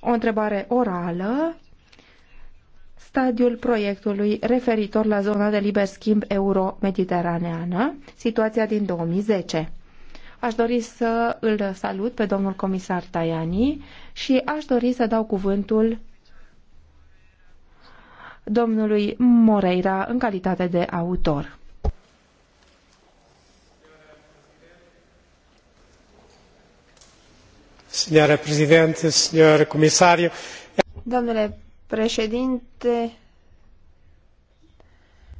o întrebare orală stadiul proiectului referitor la zona de liber schimb euro-mediteraneană, situația din 2010. Aș dori să îl salut pe domnul comisar Tajani și aș dori să dau cuvântul domnului Moreira în calitate de autor. Domnule președinte,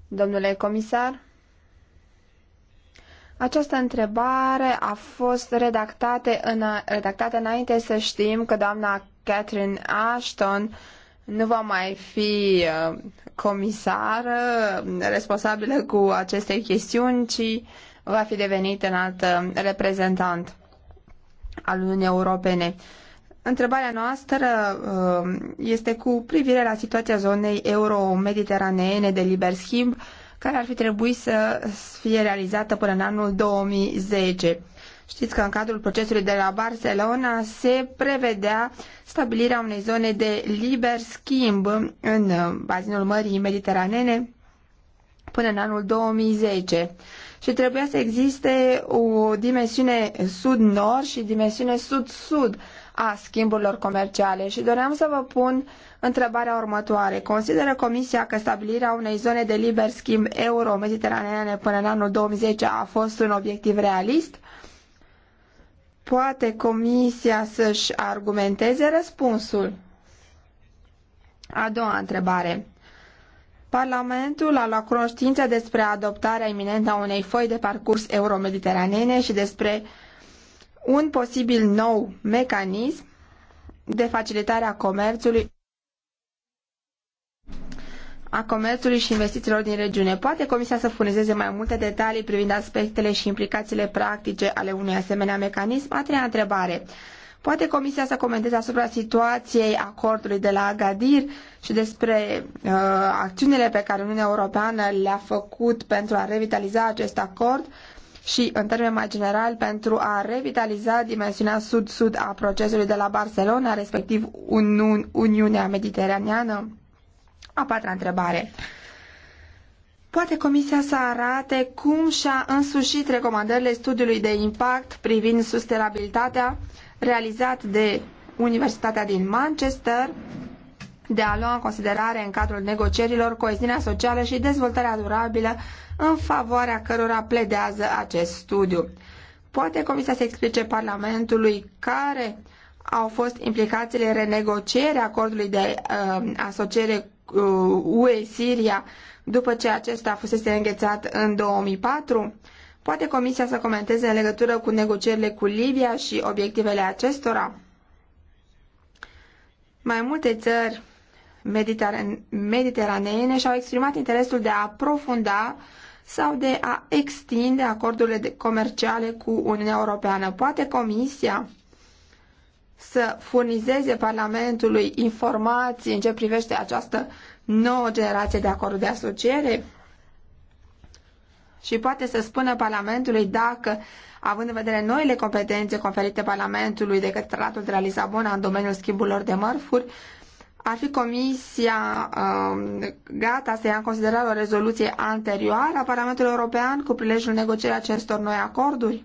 domnule comisar, această întrebare a fost redactată, în, redactată înainte să știm că doamna Catherine Ashton nu va mai fi uh, Comisar uh, responsabilă cu aceste chestiuni, ci va fi devenit alt uh, reprezentant al Uniunii Europene. Întrebarea noastră uh, este cu privire la situația zonei euro-mediteraneene de liber schimb, care ar fi trebuit să fie realizată până în anul 2010. Știți că în cadrul procesului de la Barcelona se prevedea stabilirea unei zone de liber schimb în bazinul Mării Mediteranene până în anul 2010 și trebuia să existe o dimensiune sud-nord și dimensiune sud-sud a schimburilor comerciale și doream să vă pun întrebarea următoare. Consideră Comisia că stabilirea unei zone de liber schimb euro-mediteraneane până în anul 2010 a fost un obiectiv realist? Poate Comisia să-și argumenteze răspunsul? A doua întrebare. Parlamentul a luat cunoștință despre adoptarea iminentă a unei foi de parcurs euromediteranene și despre un posibil nou mecanism de facilitare a comerțului a comerțului și investițiilor din regiune. Poate Comisia să furnizeze mai multe detalii privind aspectele și implicațiile practice ale unui asemenea mecanism? A treia întrebare. Poate Comisia să comenteze asupra situației acordului de la Agadir și despre uh, acțiunile pe care Uniunea Europeană le-a făcut pentru a revitaliza acest acord și, în termen mai general, pentru a revitaliza dimensiunea sud-sud a procesului de la Barcelona, respectiv Uni Uniunea Mediteraneană? A patra întrebare. Poate Comisia să arate cum și-a însușit recomandările studiului de impact privind sustenabilitatea realizat de Universitatea din Manchester de a lua în considerare în cadrul negocierilor coeziunea socială și dezvoltarea durabilă în favoarea cărora pledează acest studiu. Poate Comisia să explice Parlamentului care au fost implicațiile renegocierii acordului de uh, asociere uh, UE-Siria după ce acesta fusese înghețat în 2004? Poate Comisia să comenteze în legătură cu negocierile cu Libia și obiectivele acestora? Mai multe țări mediteraneene și-au exprimat interesul de a aprofunda sau de a extinde acordurile comerciale cu Uniunea Europeană. Poate Comisia să furnizeze Parlamentului informații în ce privește această nouă generație de acorduri de asociere? și poate să spună Parlamentului dacă, având în vedere noile competențe conferite Parlamentului de către Tratatul de la Lisabona în domeniul schimburilor de mărfuri, ar fi comisia um, gata să ia în considerare o rezoluție anterioară a Parlamentului European cu prilejul negocierii acestor noi acorduri?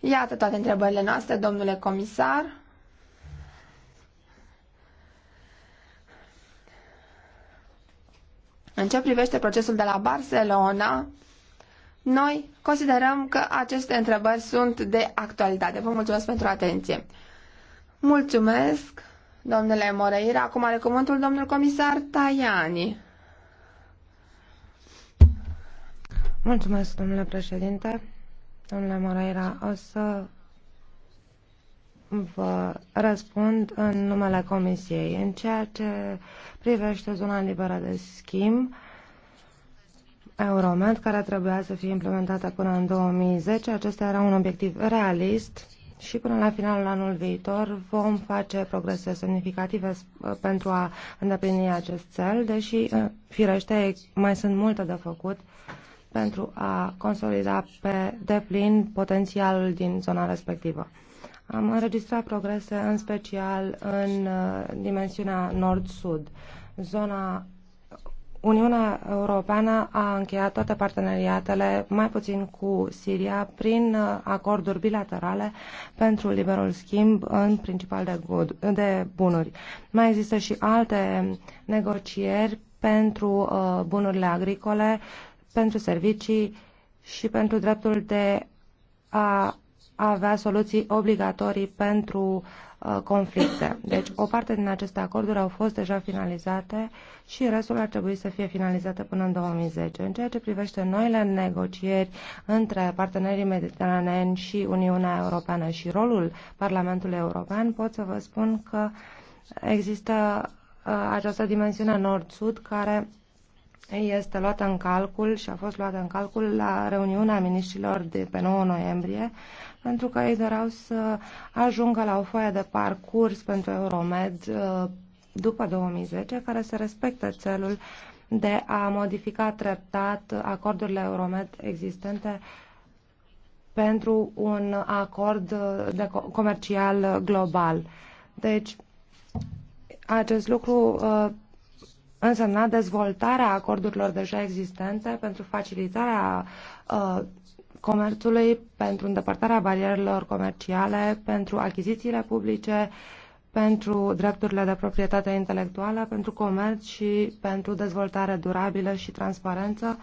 Iată toate întrebările noastre, domnule comisar. În ce privește procesul de la Barcelona, noi considerăm că aceste întrebări sunt de actualitate. Vă mulțumesc pentru atenție. Mulțumesc, domnule Moreira. Acum are cuvântul domnul comisar Tajani. Mulțumesc, domnule președinte. Domnule Moreira, o să vă răspund în numele Comisiei. În ceea ce privește zona liberă de schimb, Euromed, care trebuia să fie implementată până în 2010. Acesta era un obiectiv realist și până la finalul anului viitor vom face progrese semnificative pentru a îndeplini acest cel, deși, firește, mai sunt multe de făcut pentru a consolida pe deplin potențialul din zona respectivă. Am înregistrat progrese în special în uh, dimensiunea nord-sud. Zona Uniunea Europeană a încheiat toate parteneriatele, mai puțin cu Siria, prin uh, acorduri bilaterale pentru liberul schimb, în principal de, good, de bunuri. Mai există și alte negocieri pentru uh, bunurile agricole, pentru servicii și pentru dreptul de a avea soluții obligatorii pentru uh, Uh, conflicte. Deci o parte din aceste acorduri au fost deja finalizate și restul ar trebui să fie finalizate până în 2010. În ceea ce privește noile negocieri între partenerii mediteraneni și Uniunea Europeană și rolul Parlamentului European, pot să vă spun că există uh, această dimensiune nord-sud care este luată în calcul și a fost luată în calcul la reuniunea ministrilor de pe 9 noiembrie pentru că ei doreau să ajungă la o foaie de parcurs pentru Euromed uh, după 2010, care să respecte țelul de a modifica treptat acordurile Euromed existente pentru un acord de comercial global. Deci, acest lucru uh, însemna dezvoltarea acordurilor deja existente pentru facilitarea uh, comerțului, pentru îndepărtarea barierelor comerciale, pentru achizițiile publice, pentru drepturile de proprietate intelectuală, pentru comerț și pentru dezvoltare durabilă și transparență.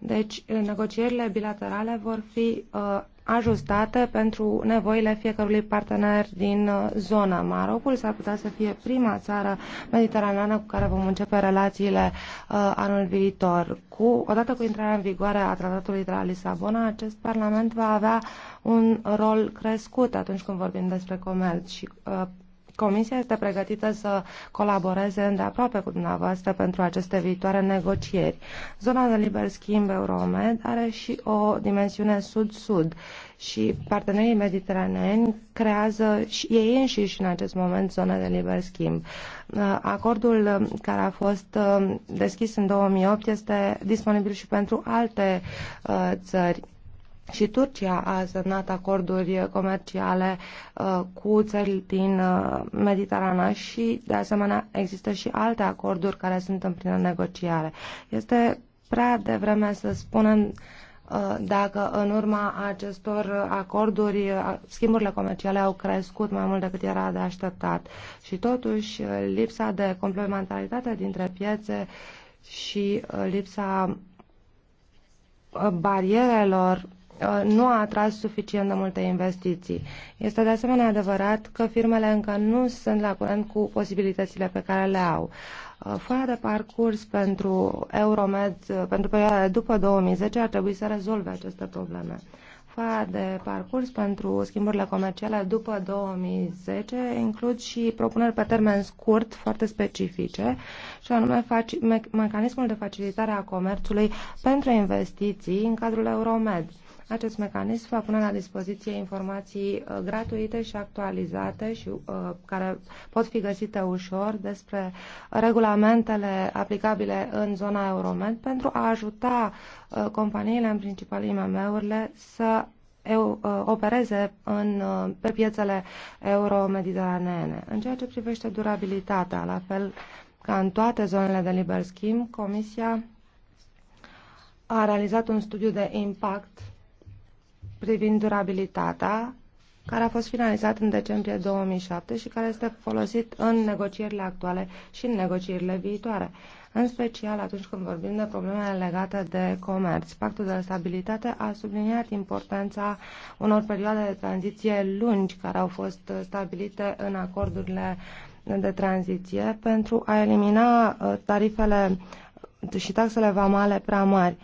Deci, negocierile bilaterale vor fi uh, ajustate pentru nevoile fiecărui partener din uh, zonă. Marocul s-ar putea să fie prima țară mediteraneană cu care vom începe relațiile uh, anul viitor. Cu, odată cu intrarea în vigoare a tratatului de la Lisabona, acest parlament va avea un rol crescut atunci când vorbim despre comerț și uh, Comisia este pregătită să colaboreze îndeaproape cu dumneavoastră pentru aceste viitoare negocieri. Zona de liber schimb Euromed are și o dimensiune sud-sud și partenerii mediteraneni creează și ei înșiși în acest moment zone de liber schimb. Uh, acordul um, care a fost um, deschis în 2008 este disponibil și pentru alte uh, țări și Turcia a semnat acorduri comerciale uh, cu țări din uh, Mediterana și, de asemenea, există și alte acorduri care sunt în plină negociare. Este prea devreme să spunem uh, dacă în urma acestor acorduri schimburile comerciale au crescut mai mult decât era de așteptat. Și totuși lipsa de complementaritate dintre piețe și lipsa barierelor Uh, nu a atras suficient de multe investiții. Este de asemenea adevărat că firmele încă nu sunt la curent cu posibilitățile pe care le au. Uh, foaia de parcurs pentru Euromed uh, pentru perioada după 2010 ar trebui să rezolve aceste probleme. Foaia de parcurs pentru schimburile comerciale după 2010 includ și propuneri pe termen scurt foarte specifice, și anume mecanismul de facilitare a comerțului pentru investiții în cadrul Euromed acest mecanism va pune la dispoziție informații uh, gratuite și actualizate și uh, care pot fi găsite ușor despre regulamentele aplicabile în zona Euromed pentru a ajuta uh, companiile, în principal IMM-urile, să eu, opereze în, pe piețele euro-mediteraneene. În ceea ce privește durabilitatea, la fel ca în toate zonele de liber schimb, Comisia a realizat un studiu de impact privind durabilitatea, care a fost finalizat în decembrie 2007 și care este folosit în negocierile actuale și în negocierile viitoare, în special atunci când vorbim de problemele legate de comerț. Pactul de stabilitate a subliniat importanța unor perioade de tranziție lungi care au fost stabilite în acordurile de tranziție pentru a elimina uh, tarifele și taxele vamale prea mari.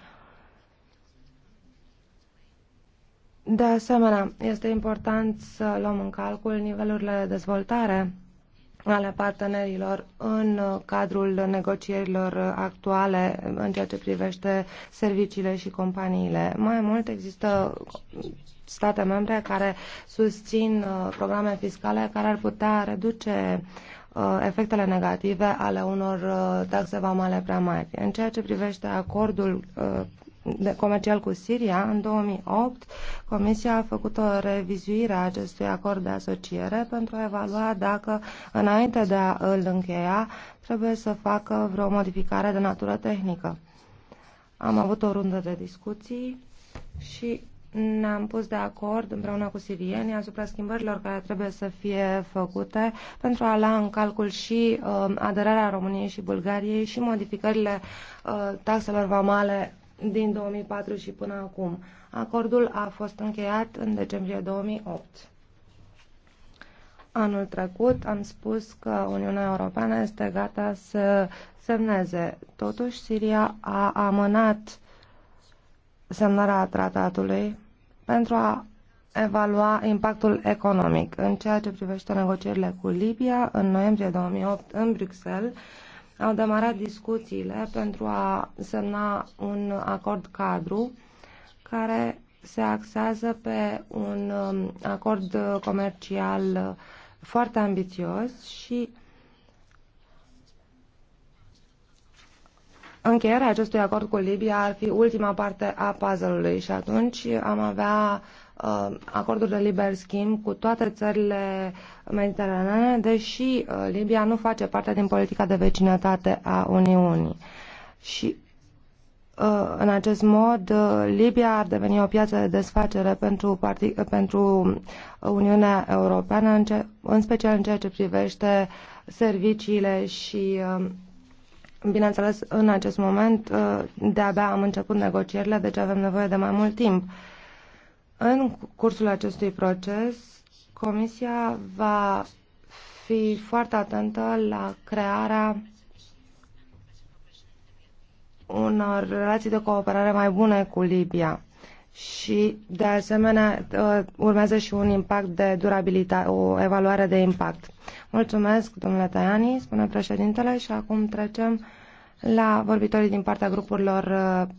De asemenea, este important să luăm în calcul nivelurile de dezvoltare ale partenerilor în cadrul negocierilor actuale în ceea ce privește serviciile și companiile. Mai mult există state membre care susțin uh, programe fiscale care ar putea reduce uh, efectele negative ale unor uh, taxe vamale prea mari. În ceea ce privește acordul de comercial cu Siria, în 2008, Comisia a făcut o revizuire a acestui acord de asociere pentru a evalua dacă, înainte de a îl încheia, trebuie să facă vreo modificare de natură tehnică. Am avut o rundă de discuții și ne-am pus de acord împreună cu sirienii asupra schimbărilor care trebuie să fie făcute pentru a lua în calcul și uh, aderarea României și Bulgariei și modificările uh, taxelor vamale din 2004 și până acum. Acordul a fost încheiat în decembrie 2008. Anul trecut am spus că Uniunea Europeană este gata să semneze. Totuși, Siria a amânat semnarea tratatului pentru a evalua impactul economic. În ceea ce privește negocierile cu Libia, în noiembrie 2008 în Bruxelles, au demarat discuțiile pentru a semna un acord cadru care se axează pe un um, acord comercial foarte ambițios și încheierea acestui acord cu Libia ar fi ultima parte a puzzle-ului și atunci am avea Uh, acorduri de liber schimb cu toate țările mediteranene, deși uh, Libia nu face parte din politica de vecinătate a Uniunii. Și uh, în acest mod, Libia ar deveni o piață de desfacere pentru, pentru Uniunea Europeană, în, ce, în special în ceea ce privește serviciile și, bineînțeles, în acest moment, de-abia am început negocierile, deci avem nevoie de mai mult timp. În cursul acestui proces, Comisia va fi foarte atentă la crearea unor relații de cooperare mai bune cu Libia și, de asemenea, uh, urmează și un impact de durabilitate, o evaluare de impact. Mulțumesc, domnule Tajani, spune președintele, și acum trecem la vorbitorii din partea grupurilor uh,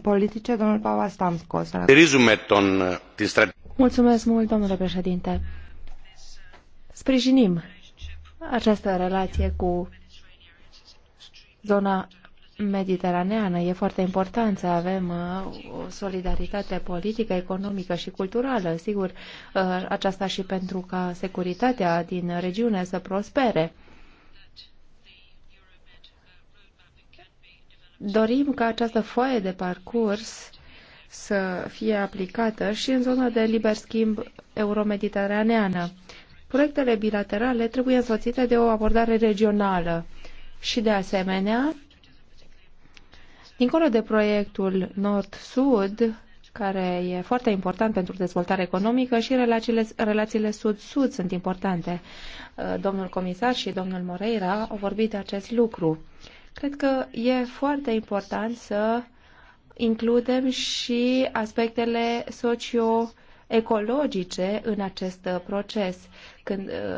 politice, domnul Papastamkos. Uh, Mulțumesc mult, domnule președinte. Sprijinim această relație cu zona mediteraneană. E foarte important să avem uh, o solidaritate politică, economică și culturală, sigur, uh, aceasta și pentru ca securitatea din regiune să prospere. dorim ca această foaie de parcurs să fie aplicată și în zona de liber schimb euromediteraneană. Proiectele bilaterale trebuie însoțite de o abordare regională și, de asemenea, dincolo de proiectul Nord-Sud, care e foarte important pentru dezvoltare economică și relațiile, relațiile sud-sud sunt importante. Domnul comisar și domnul Moreira au vorbit de acest lucru. Cred că e foarte important să includem și aspectele socio ecologice în acest uh, proces uh,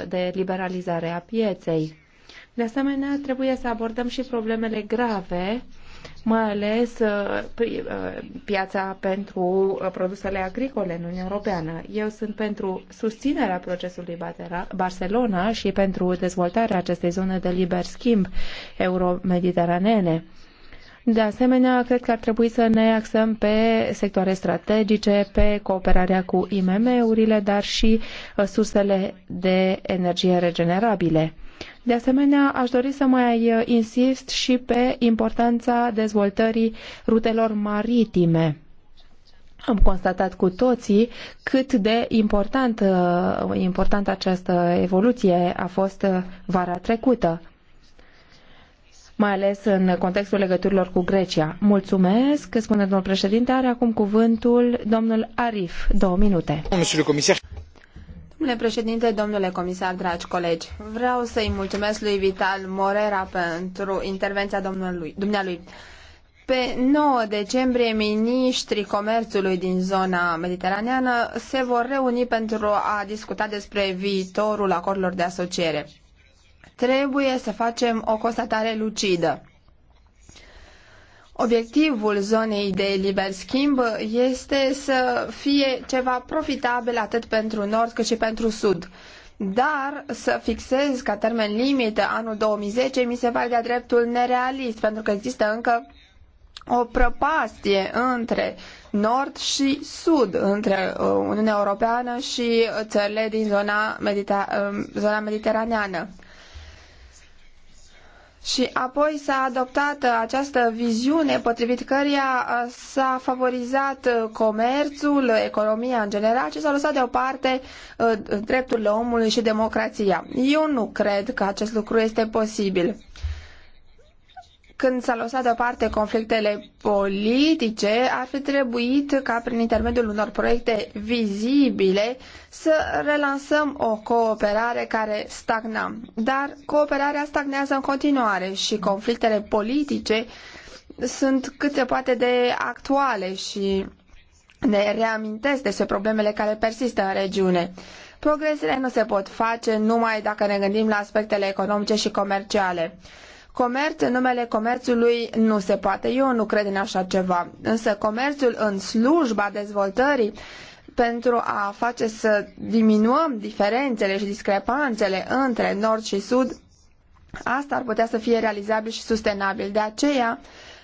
de liberalizare a pieței. De asemenea, trebuie să abordăm și problemele grave mai ales uh, uh, piața pentru uh, produsele agricole în Uniunea Europeană. Eu sunt pentru susținerea procesului Barcelona și pentru dezvoltarea acestei zone de liber schimb euro mediteranene De asemenea, cred că ar trebui să ne axăm pe sectoare strategice, pe cooperarea cu IMM-urile, dar și sursele de energie regenerabile. De asemenea, aș dori să mai uh, insist și pe importanța dezvoltării rutelor maritime. Am constatat cu toții cât de important, uh, important această evoluție a fost uh, vara trecută mai ales în contextul legăturilor cu Grecia. Mulțumesc, spune domnul președinte, are acum cuvântul domnul Arif. Două minute. comisar. Domnule președinte, domnule comisar, dragi colegi, vreau să-i mulțumesc lui Vital Morera pentru intervenția domnului, dumnealui. Pe 9 decembrie, ministrii comerțului din zona mediteraneană se vor reuni pentru a discuta despre viitorul acordurilor de asociere. Trebuie să facem o constatare lucidă. Obiectivul zonei de liber schimb este să fie ceva profitabil atât pentru nord cât și pentru sud. Dar să fixez ca termen limită anul 2010 mi se pare de-a dreptul nerealist, pentru că există încă o prăpastie între nord și sud, între uh, Uniunea Europeană și țările din zona, medita- uh, zona mediteraneană. Și apoi s-a adoptat această viziune potrivit căreia uh, s-a favorizat uh, comerțul, economia în general și s-a lăsat deoparte uh, drepturile omului și democrația. Eu nu cred că acest lucru este posibil când s-a lăsat deoparte conflictele politice, ar fi trebuit ca prin intermediul unor proiecte vizibile să relansăm o cooperare care stagna. Dar cooperarea stagnează în continuare și conflictele politice sunt cât se poate de actuale și ne reamintesc despre problemele care persistă în regiune. Progresele nu se pot face numai dacă ne gândim la aspectele economice și comerciale. Comerț în numele comerțului nu se poate. Eu nu cred în așa ceva. Însă comerțul în slujba dezvoltării pentru a face să diminuăm diferențele și discrepanțele între nord și sud, asta ar putea să fie realizabil și sustenabil. De aceea,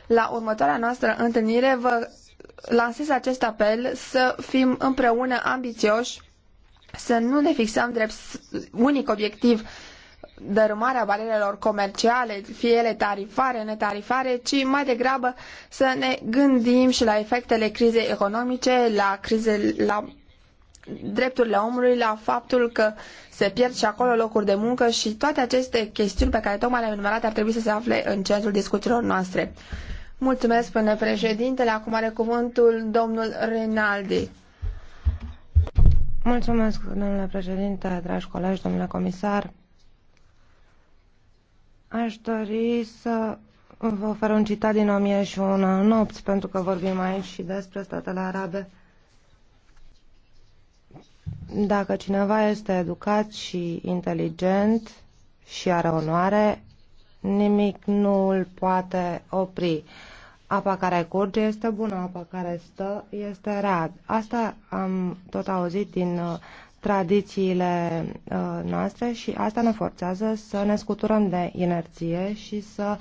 la următoarea noastră întâlnire vă lansez acest apel să fim împreună ambițioși, să nu ne fixăm drept unic obiectiv dărâmarea barierelor comerciale, fie ele tarifare, netarifare, ci mai degrabă să ne gândim și la efectele crizei economice, la crize, la drepturile omului, la faptul că se pierd și acolo locuri de muncă și toate aceste chestiuni pe care tocmai le-am enumerat ar trebui să se afle în centrul discuțiilor noastre. Mulțumesc, până președintele. Acum are cuvântul domnul Rinaldi. Mulțumesc, domnule președinte, dragi colegi, domnule comisar. Aș dori să vă ofer un citat din 1001 nopți, pentru că vorbim aici și despre statele arabe. Dacă cineva este educat și inteligent și are onoare, nimic nu îl poate opri. Apa care curge este bună, apa care stă este rea. Asta am tot auzit din uh, tradițiile uh, noastre și asta ne forțează să ne scuturăm de inerție și să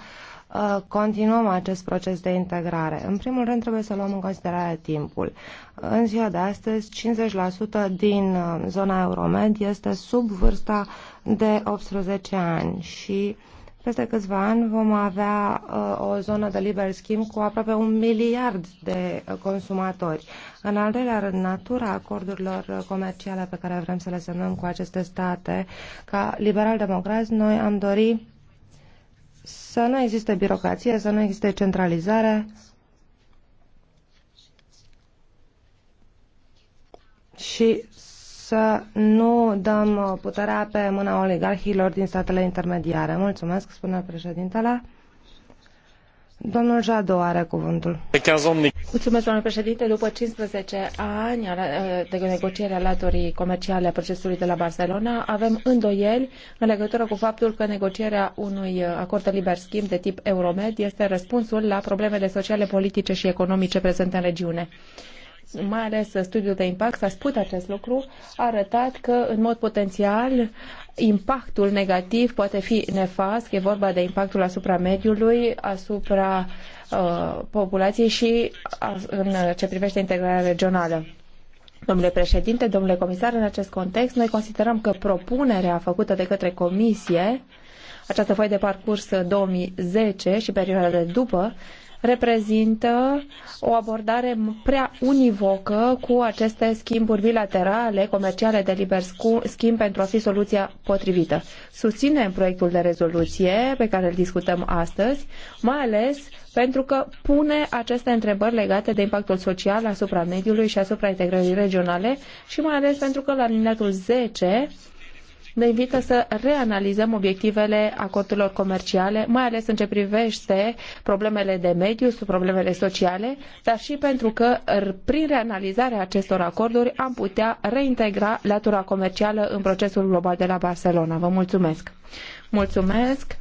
uh, continuăm acest proces de integrare. În primul rând trebuie să luăm în considerare timpul. În ziua de astăzi, 50% din uh, zona Euromed este sub vârsta de 18 ani și uh, peste câțiva ani vom avea uh, o zonă de liber schimb cu aproape un miliard de uh, consumatori. În al doilea rând, natura acordurilor uh, comerciale pe care vrem să le semnăm cu aceste state, ca liberal-democrați, noi am dori să nu existe birocrație, să nu existe centralizare și să nu dăm uh, puterea pe mâna oligarhilor din statele intermediare. Mulțumesc, spune președintele. Domnul Jadou are cuvântul. Mulțumesc, domnule președinte. După 15 ani uh, de negociere a comerciale a procesului de la Barcelona, avem îndoieli în legătură cu faptul că negocierea unui uh, acord de liber schimb de tip Euromed este răspunsul la problemele sociale, politice și economice prezente în regiune mai ales studiul de impact, s-a spus acest lucru, a arătat că în mod potențial impactul negativ poate fi nefast, e vorba de impactul asupra mediului, asupra uh, populației și a, în ce privește integrarea regională. Domnule președinte, domnule comisar, în acest context, noi considerăm că propunerea făcută de către comisie, această foaie de parcurs 2010 și perioada de după, reprezintă o abordare prea univocă cu aceste schimburi bilaterale, comerciale de liber schimb pentru a fi soluția potrivită. Susținem proiectul de rezoluție pe care îl discutăm astăzi, mai ales pentru că pune aceste întrebări legate de impactul social asupra mediului și asupra integrării regionale și mai ales pentru că la alineatul 10 ne invită să reanalizăm obiectivele acordurilor comerciale, mai ales în ce privește problemele de mediu, problemele sociale, dar și pentru că prin reanalizarea acestor acorduri am putea reintegra latura comercială în procesul global de la Barcelona. Vă mulțumesc! Mulțumesc!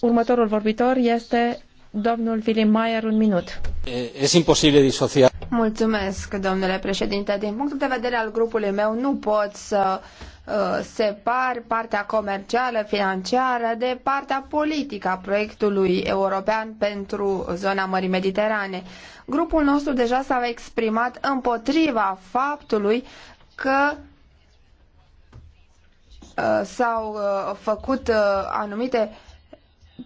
Următorul vorbitor este un minut. Es imposibil disocia. Mulțumesc, domnule președinte. Din punctul de vedere al grupului meu, nu pot să uh, separ partea comercială, financiară de partea politică a proiectului european pentru zona Mării Mediterane. Grupul nostru deja s-a exprimat împotriva faptului că uh, s-au uh, făcut uh, anumite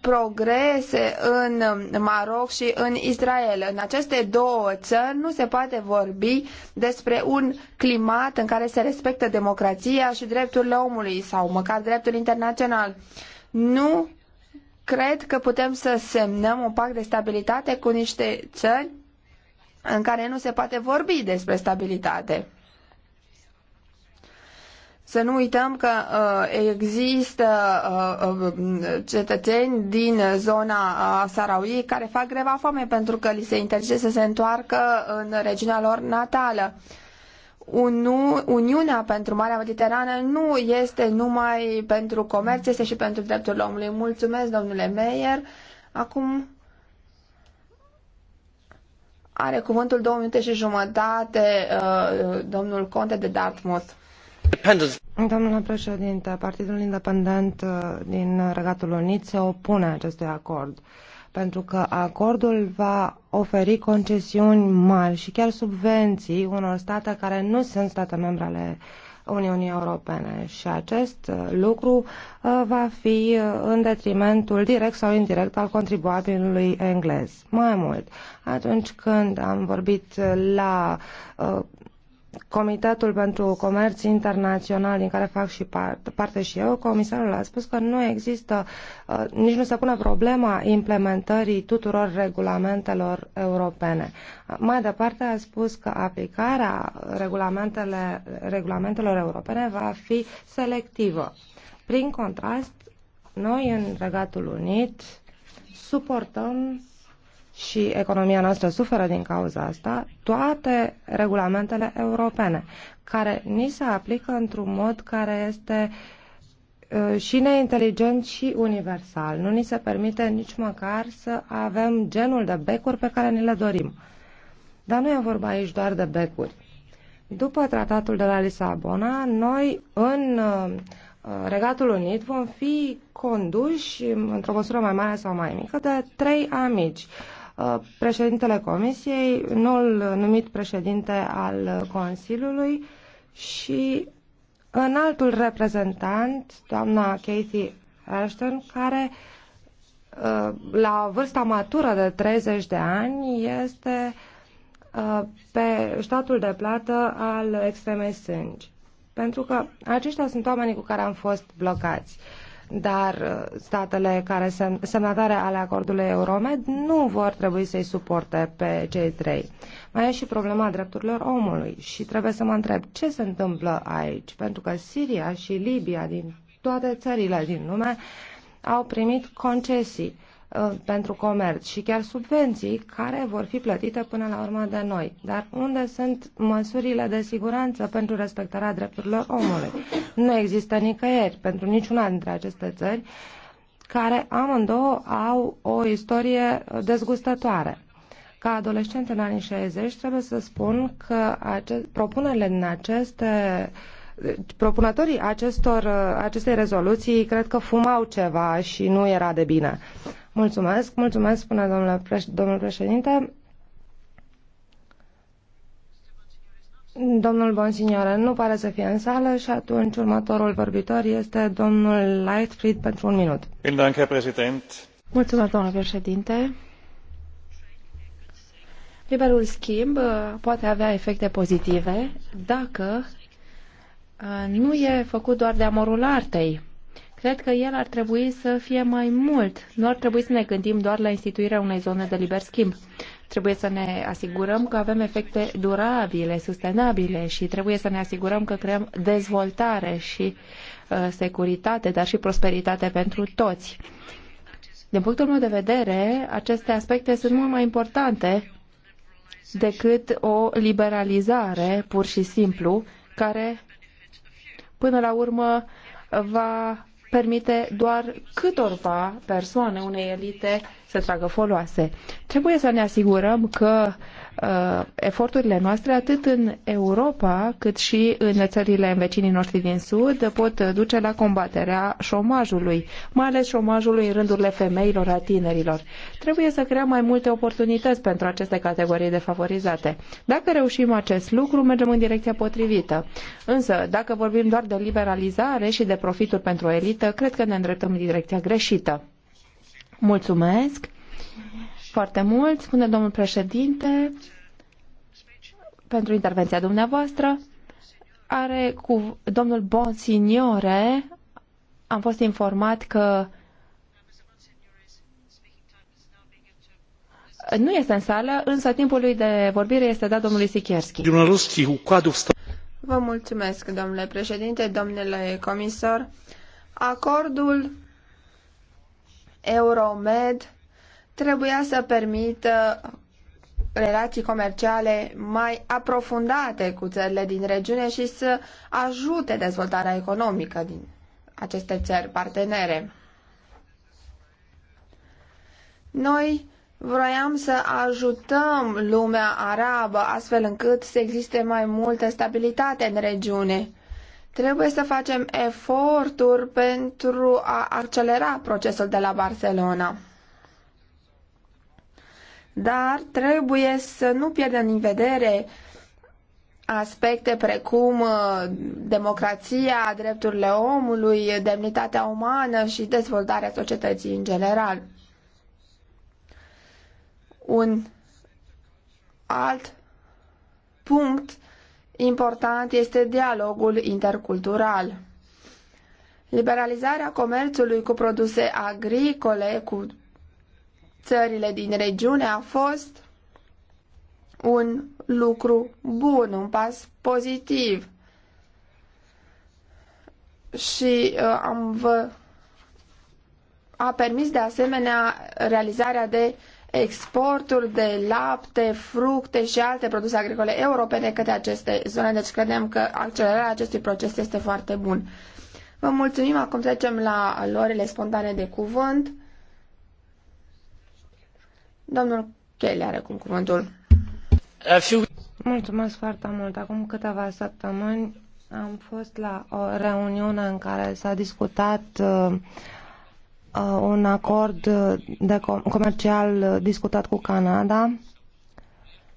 progrese în Maroc și în Israel. În aceste două țări nu se poate vorbi despre un climat în care se respectă democrația și drepturile omului sau măcar dreptul internațional. Nu cred că putem să semnăm un pact de stabilitate cu niște țări în care nu se poate vorbi despre stabilitate. Să nu uităm că uh, există uh, cetățeni din zona uh, Sarawi care fac greva foame pentru că li se interzice să se întoarcă în regiunea lor natală. Uniunea pentru Marea Mediterană nu este numai pentru comerț, este și pentru drepturile omului. Mulțumesc, domnule Meyer. Acum are cuvântul două minute și jumătate domnul Conte de Dartmouth. Partidul Independent uh, din Regatul Unit se opune acestui acord pentru că acordul va oferi concesiuni mari și chiar subvenții unor state care nu sunt state membre ale Uniunii Europene și acest uh, lucru uh, va fi în detrimentul direct sau indirect al contribuabilului englez. Mai mult, atunci când am vorbit la Comitetul pentru Comerț Internațional, din care fac și parte, parte și eu, comisarul a spus că nu există, uh, nici nu se pune problema implementării tuturor regulamentelor europene. Mai departe a spus că aplicarea regulamentelor europene va fi selectivă. Prin contrast, noi în Regatul Unit suportăm și economia noastră suferă din cauza asta, toate regulamentele europene, care ni se aplică într-un mod care este uh, și neinteligent și universal. Nu ni se permite nici măcar să avem genul de becuri pe care ni le dorim. Dar nu e vorba aici doar de becuri. După tratatul de la Lisabona, noi în uh, Regatul Unit vom fi conduși, într-o măsură mai mare sau mai mică, de trei amici președintele Comisiei, noul numit președinte al Consiliului și în altul reprezentant, doamna Kathy Ashton, care uh, la vârsta matură de 30 de ani este uh, pe statul de plată al extremei sângi. Pentru că aceștia sunt oamenii cu care am fost blocați. Uh, dar uh, statele care sunt semnatare ale acordului Euromed nu vor trebui să-i suporte pe cei trei. Mai e și problema drepturilor omului și trebuie să mă întreb ce se întâmplă aici, pentru că Siria și Libia din toate țările din lume au primit concesii Uh, pentru comerț și chiar subvenții care vor fi plătite până la urmă de noi. Dar unde sunt măsurile de siguranță pentru respectarea drepturilor omului? Nu există nicăieri pentru niciuna dintre aceste țări care amândouă au o istorie dezgustătoare. Ca adolescent în anii 60 trebuie să spun că acest, propunerile din aceste propunătorii acestor, uh, acestei rezoluții cred că fumau ceva și nu era de bine. Mulțumesc, mulțumesc, spune domnule preș- domnul președinte. Domnul Bonsignore nu pare să fie în sală și atunci următorul vorbitor este domnul Lightfried pentru un minut. Mulțumesc, domnule președinte. Liberul schimb uh, poate avea efecte pozitive dacă uh, nu e făcut doar de amorul artei, Cred că el ar trebui să fie mai mult. Nu ar trebui să ne gândim doar la instituirea unei zone de liber schimb. Trebuie să ne asigurăm că avem efecte durabile, sustenabile și trebuie să ne asigurăm că creăm dezvoltare și uh, securitate, dar și prosperitate pentru toți. Din punctul meu de vedere, aceste aspecte sunt mult mai importante decât o liberalizare pur și simplu, care până la urmă va permite doar câtorva persoane, unei elite, să tragă foloase. Trebuie să ne asigurăm că uh, eforturile noastre, atât în Europa, cât și în țările vecinii noștri din Sud, pot duce la combaterea șomajului, mai ales șomajului în rândurile femeilor, a tinerilor. Trebuie să creăm mai multe oportunități pentru aceste categorii defavorizate. Dacă reușim acest lucru, mergem în direcția potrivită. Însă, dacă vorbim doar de liberalizare și de profituri pentru o elită, cred că ne îndreptăm în direcția greșită. Mulțumesc foarte mult, spune domnul președinte, pentru intervenția dumneavoastră. Are cu domnul Bonsignore, am fost informat că nu este în sală, însă timpul lui de vorbire este dat domnului Sikierski. Vă mulțumesc, domnule președinte, domnule comisar. Acordul Euromed trebuia să permită relații comerciale mai aprofundate cu țările din regiune și să ajute dezvoltarea economică din aceste țări partenere. Noi vroiam să ajutăm lumea arabă astfel încât să existe mai multă stabilitate în regiune Trebuie să facem eforturi pentru a accelera procesul de la Barcelona. Dar trebuie să nu pierdem din vedere aspecte precum uh, democrația, drepturile omului, demnitatea umană și dezvoltarea societății în general. Un alt punct important este dialogul intercultural. Liberalizarea comerțului cu produse agricole, cu țările din regiune, a fost un lucru bun, un pas pozitiv. Și uh, am vă a permis de asemenea realizarea de exportul de lapte, fructe și alte produse agricole europene către aceste zone. Deci credem că accelerarea acestui proces este foarte bun. Vă mulțumim, acum trecem la lorile spontane de cuvânt. Domnul Kelly are cuvântul. Mulțumesc foarte mult. Acum câteva săptămâni am fost la o reuniune în care s-a discutat uh, Uh, un acord uh, de comercial uh, discutat cu Canada.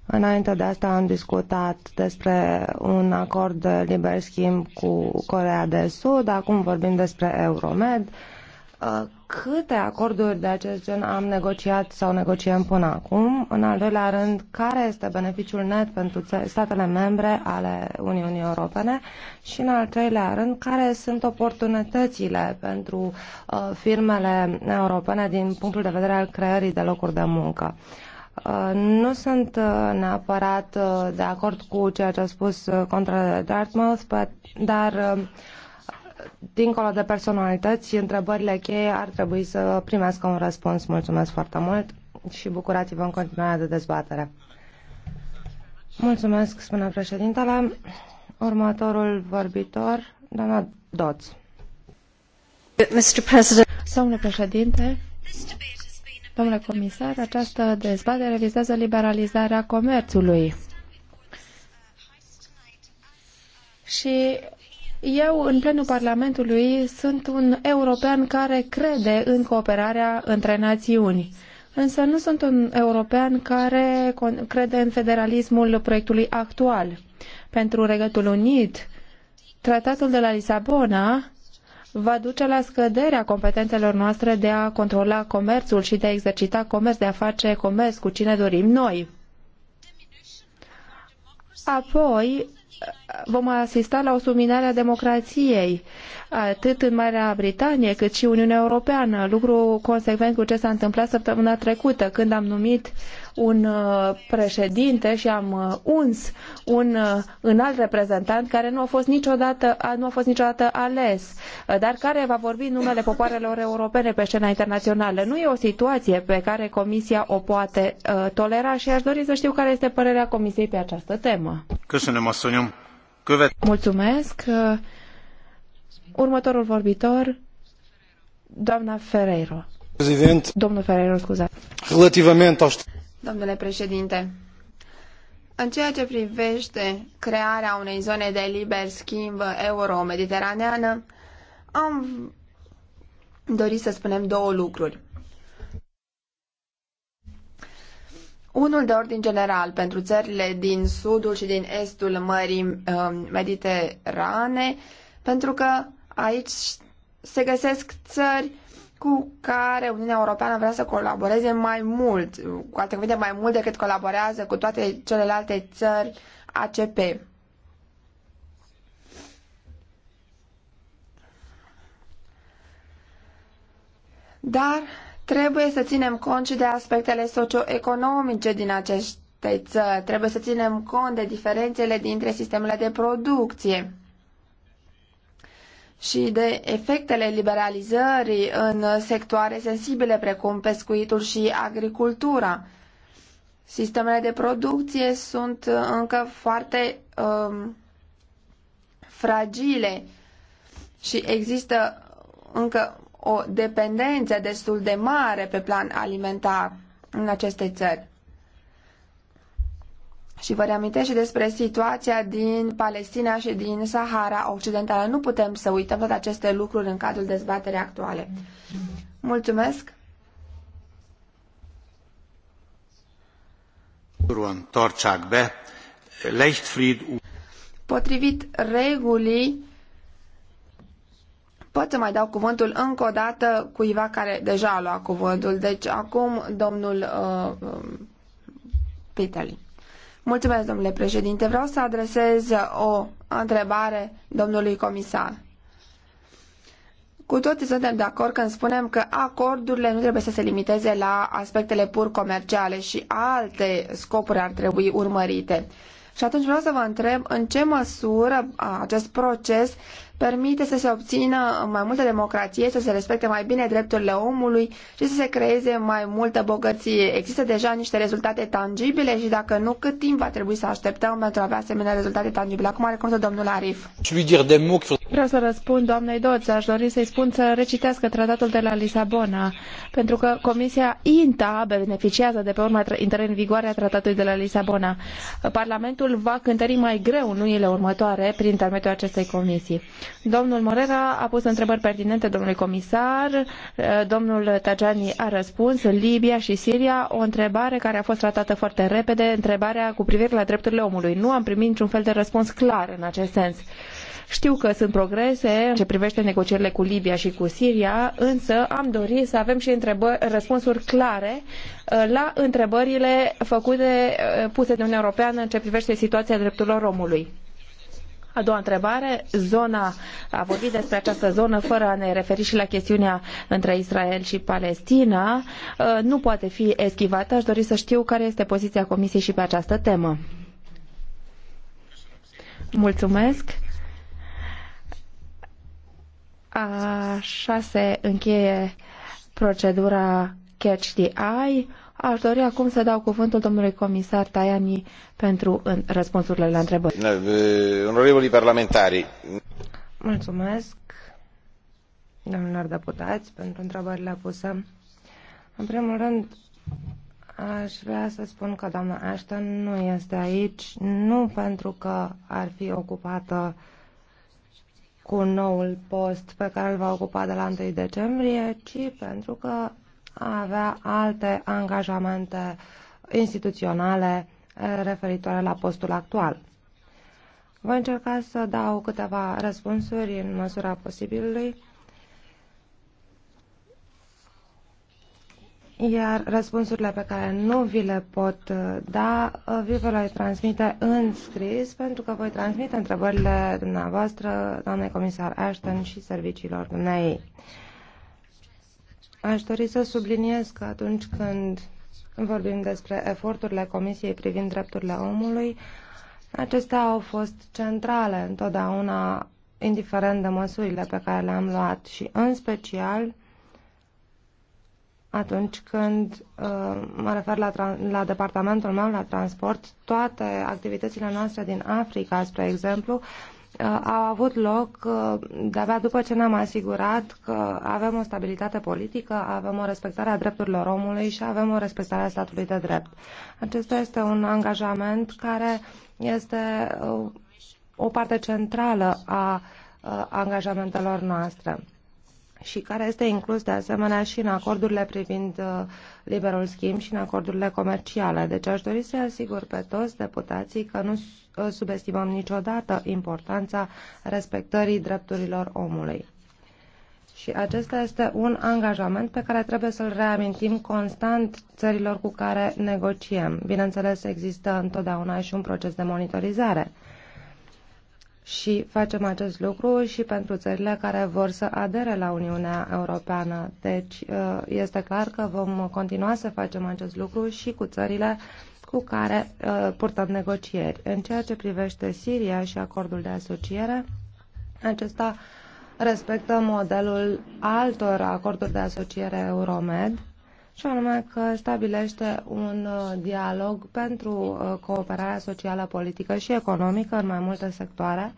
Înainte de asta am discutat despre un acord de liber schimb cu Corea de Sud, acum vorbim despre Euromed câte acorduri de acest gen am negociat sau negociem până acum? În al doilea rând, care este beneficiul net pentru statele membre ale Uniunii Europene? Și în al treilea rând, care sunt oportunitățile pentru uh, firmele europene din punctul de vedere al creării de locuri de muncă? Uh, nu sunt uh, neapărat uh, de acord cu ceea ce a spus contra Dartmouth, dar dincolo de personalități, întrebările cheie ar trebui să primească un răspuns. Mulțumesc foarte mult și bucurați-vă în continuare de dezbatere. Mulțumesc, spune președintele. Următorul vorbitor, doamna Doț. Mr. President. Domnule președinte, domnule comisar, această dezbatere vizează liberalizarea comerțului. Și eu, în plenul Parlamentului, sunt un european care crede în cooperarea între națiuni. Însă nu sunt un european care crede în federalismul proiectului actual. Pentru Regatul Unit, tratatul de la Lisabona va duce la scăderea competențelor noastre de a controla comerțul și de a exercita comerț, de a face comerț cu cine dorim noi. Apoi, vom asista la o subminare a democrației, atât în Marea Britanie cât și Uniunea Europeană, lucru consecvent cu ce s-a întâmplat săptămâna trecută, când am numit un uh, președinte și am uh, uns un uh, înalt reprezentant care nu a fost niciodată, nu a fost niciodată ales, dar care va vorbi în numele popoarelor europene pe scena internațională. Nu e o situație pe care Comisia o poate uh, tolera și aș dori să știu care este părerea Comisiei pe această temă. Köszönöm, asszonyom. Mulțumesc. Următorul vorbitor, doamna Ferreiro. Prezident. Domnul Ferreiro, scuzați. Relativament aș... Domnule președinte, în ceea ce privește crearea unei zone de liber schimb euro-mediteraneană, am dorit să spunem două lucruri. Unul de ordin general pentru țările din sudul și din estul Mării um, Mediterane, pentru că aici se găsesc țări cu care Uniunea Europeană vrea să colaboreze mai mult, cu alte cuvinte mai mult decât colaborează cu toate celelalte țări ACP. Dar Trebuie să ținem cont și de aspectele socioeconomice din aceste țări. Trebuie să ținem cont de diferențele dintre sistemele de producție și de efectele liberalizării în sectoare sensibile precum pescuitul și agricultura. Sistemele de producție sunt încă foarte um, fragile și există încă o dependență destul de mare pe plan alimentar în aceste țări. Și vă reamintesc și despre situația din Palestina și din Sahara Occidentală. Nu putem să uităm toate aceste lucruri în cadrul dezbaterii actuale. Mulțumesc! Potrivit regulii pot să mai dau cuvântul încă o dată cuiva care deja a luat cuvântul. Deci acum domnul uh, um, Pitali. Mulțumesc, domnule președinte. Vreau să adresez o întrebare domnului comisar. Cu toții suntem de acord când spunem că acordurile nu trebuie să se limiteze la aspectele pur comerciale și alte scopuri ar trebui urmărite. Și atunci vreau să vă întreb în ce măsură acest proces permite să se obțină mai multă democrație, să se respecte mai bine drepturile omului și să se creeze mai multă bogăție. Există deja niște rezultate tangibile și dacă nu, cât timp va trebui să așteptăm pentru a avea asemenea rezultate tangibile? Acum are cuvântul domnul Arif. Vreau să răspund doamnei Doț. Aș dori să-i spun să recitească tratatul de la Lisabona, pentru că Comisia INTA beneficiază de pe urma intrării în vigoare a tratatului de la Lisabona. Parlamentul va cântări mai greu în luniile următoare prin intermediul acestei comisii. Domnul Morera a pus întrebări pertinente domnului comisar, eh, domnul Tajani a răspuns în Libia și Siria, o întrebare care a fost tratată foarte repede, întrebarea cu privire la drepturile omului. Nu am primit niciun fel de răspuns clar în acest sens. Știu că sunt progrese în ce privește negocierile cu Libia și cu Siria, însă am dorit să avem și răspunsuri clare eh, la întrebările făcute, eh, puse de Uniunea Europeană în ce privește situația drepturilor omului. A doua întrebare, zona, a vorbit despre această zonă fără a ne referi și la chestiunea între Israel și Palestina, uh, nu poate fi eschivată. Aș dori să știu care este poziția Comisiei și pe această temă. Mulțumesc. Așa se încheie procedura Catch the Eye. Aș dori acum să dau cuvântul domnului comisar Tajani pentru răspunsurile la întrebări. Onorevoli parlamentari. Mulțumesc, domnilor deputați, pentru întrebările puse. În primul rând, aș vrea să spun că doamna Ashton nu este aici, nu pentru că ar fi ocupată cu noul post pe care îl va ocupa de la 1 decembrie, ci pentru că a avea alte angajamente instituționale eh, referitoare la postul actual. Voi încerca să dau câteva răspunsuri în măsura posibilului, iar răspunsurile pe care nu vi le pot eh, da, eh, vi vă le transmite în scris, pentru că voi transmite întrebările dumneavoastră, doamnei comisar Ashton și serviciilor dumneavoastră. Aș dori să subliniez că atunci când vorbim despre eforturile Comisiei privind drepturile omului, acestea au fost centrale întotdeauna, indiferent de măsurile pe care le-am luat și în special atunci când uh, mă refer la, la departamentul meu, la transport, toate activitățile noastre din Africa, spre exemplu, Uh, au avut loc uh, de-abia după ce ne-am asigurat că avem o stabilitate politică, avem o respectare a drepturilor omului și avem o respectare a statului de drept. Acesta este un angajament care este uh, o parte centrală a angajamentelor noastre și care este inclus de asemenea și în acordurile privind uh, liberul schimb și în acordurile comerciale. Deci aș dori să asigur pe toți deputații că nu uh, subestimăm niciodată importanța respectării drepturilor omului. Și acesta este un angajament pe care trebuie să-l reamintim constant țărilor cu care negociem. Bineînțeles, există întotdeauna și un proces de monitorizare și facem acest lucru și pentru țările care vor să adere la Uniunea Europeană. Deci uh, este clar că vom continua să facem acest lucru și cu țările cu care uh, purtăm negocieri. În ceea ce privește Siria și acordul de asociere, acesta respectă modelul altor acorduri de asociere Euromed, și anume că stabilește un uh, dialog pentru uh, cooperarea socială, politică și economică în mai multe sectoare.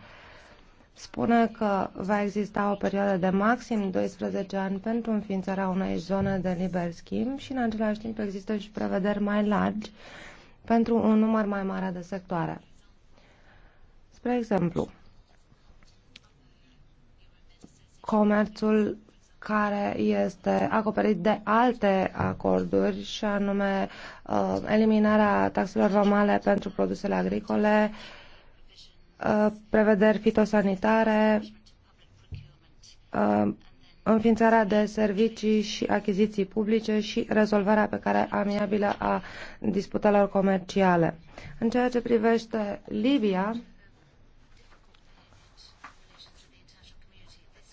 Spune că va exista o perioadă de maxim 12 ani pentru înființarea unei zone de liber schimb și în același timp există și prevederi mai largi pentru un număr mai mare de sectoare. Spre exemplu, comerțul care este acoperit de alte acorduri și anume uh, eliminarea taxelor vamale pentru produsele agricole, uh, prevederi fitosanitare, uh, înființarea de servicii și achiziții publice și rezolvarea pe care amiabilă a disputelor comerciale. În ceea ce privește Libia,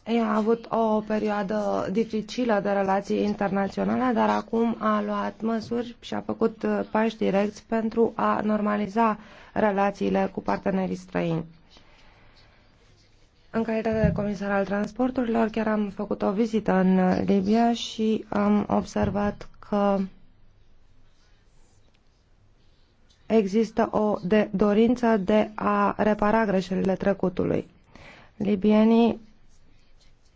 Ea a avut o perioadă dificilă de relații internaționale, dar acum a luat măsuri și a făcut uh, pași direcți pentru a normaliza relațiile cu partenerii străini. În calitate de comisar al transporturilor, chiar am făcut o vizită în Libia și am observat că există o de dorință de a repara greșelile trecutului. Libienii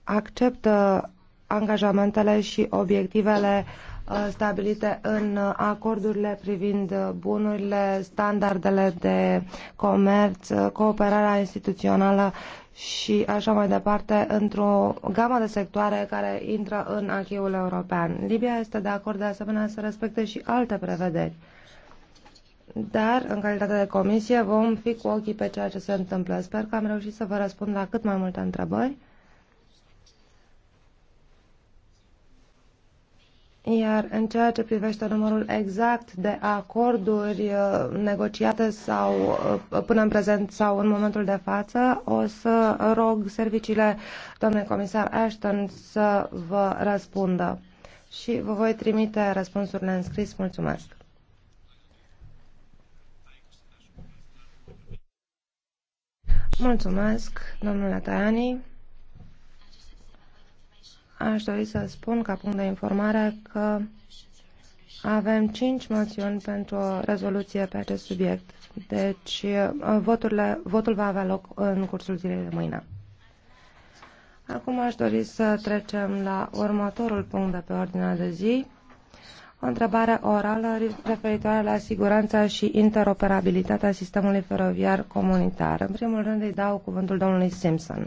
acceptă angajamentele și obiectivele uh, stabilite în acordurile privind bunurile, standardele de comerț, uh, cooperarea instituțională și așa mai departe, într-o gamă de sectoare care intră în acheiul european. Libia este de acord de asemenea să respecte și alte prevederi. Dar, în calitate de comisie, vom fi cu ochii pe ceea ce se întâmplă. Sper că am reușit să vă răspund la cât mai multe întrebări Iar în ceea ce privește numărul exact de acorduri uh, negociate sau uh, până în prezent sau în momentul de față, o să rog serviciile domnului comisar Ashton să vă răspundă și vă voi trimite răspunsurile în scris. Mulțumesc! Mulțumesc, domnule Tajani. Aș dori să spun ca punct de informare că avem cinci moțiuni pentru o rezoluție pe acest subiect. Deci uh, voturile, votul va avea loc în cursul zilei de mâine. Acum aș dori să trecem la următorul punct de pe ordinea de zi. O întrebare orală referitoare la siguranța și interoperabilitatea sistemului feroviar comunitar. În primul rând îi dau cuvântul domnului Simpson.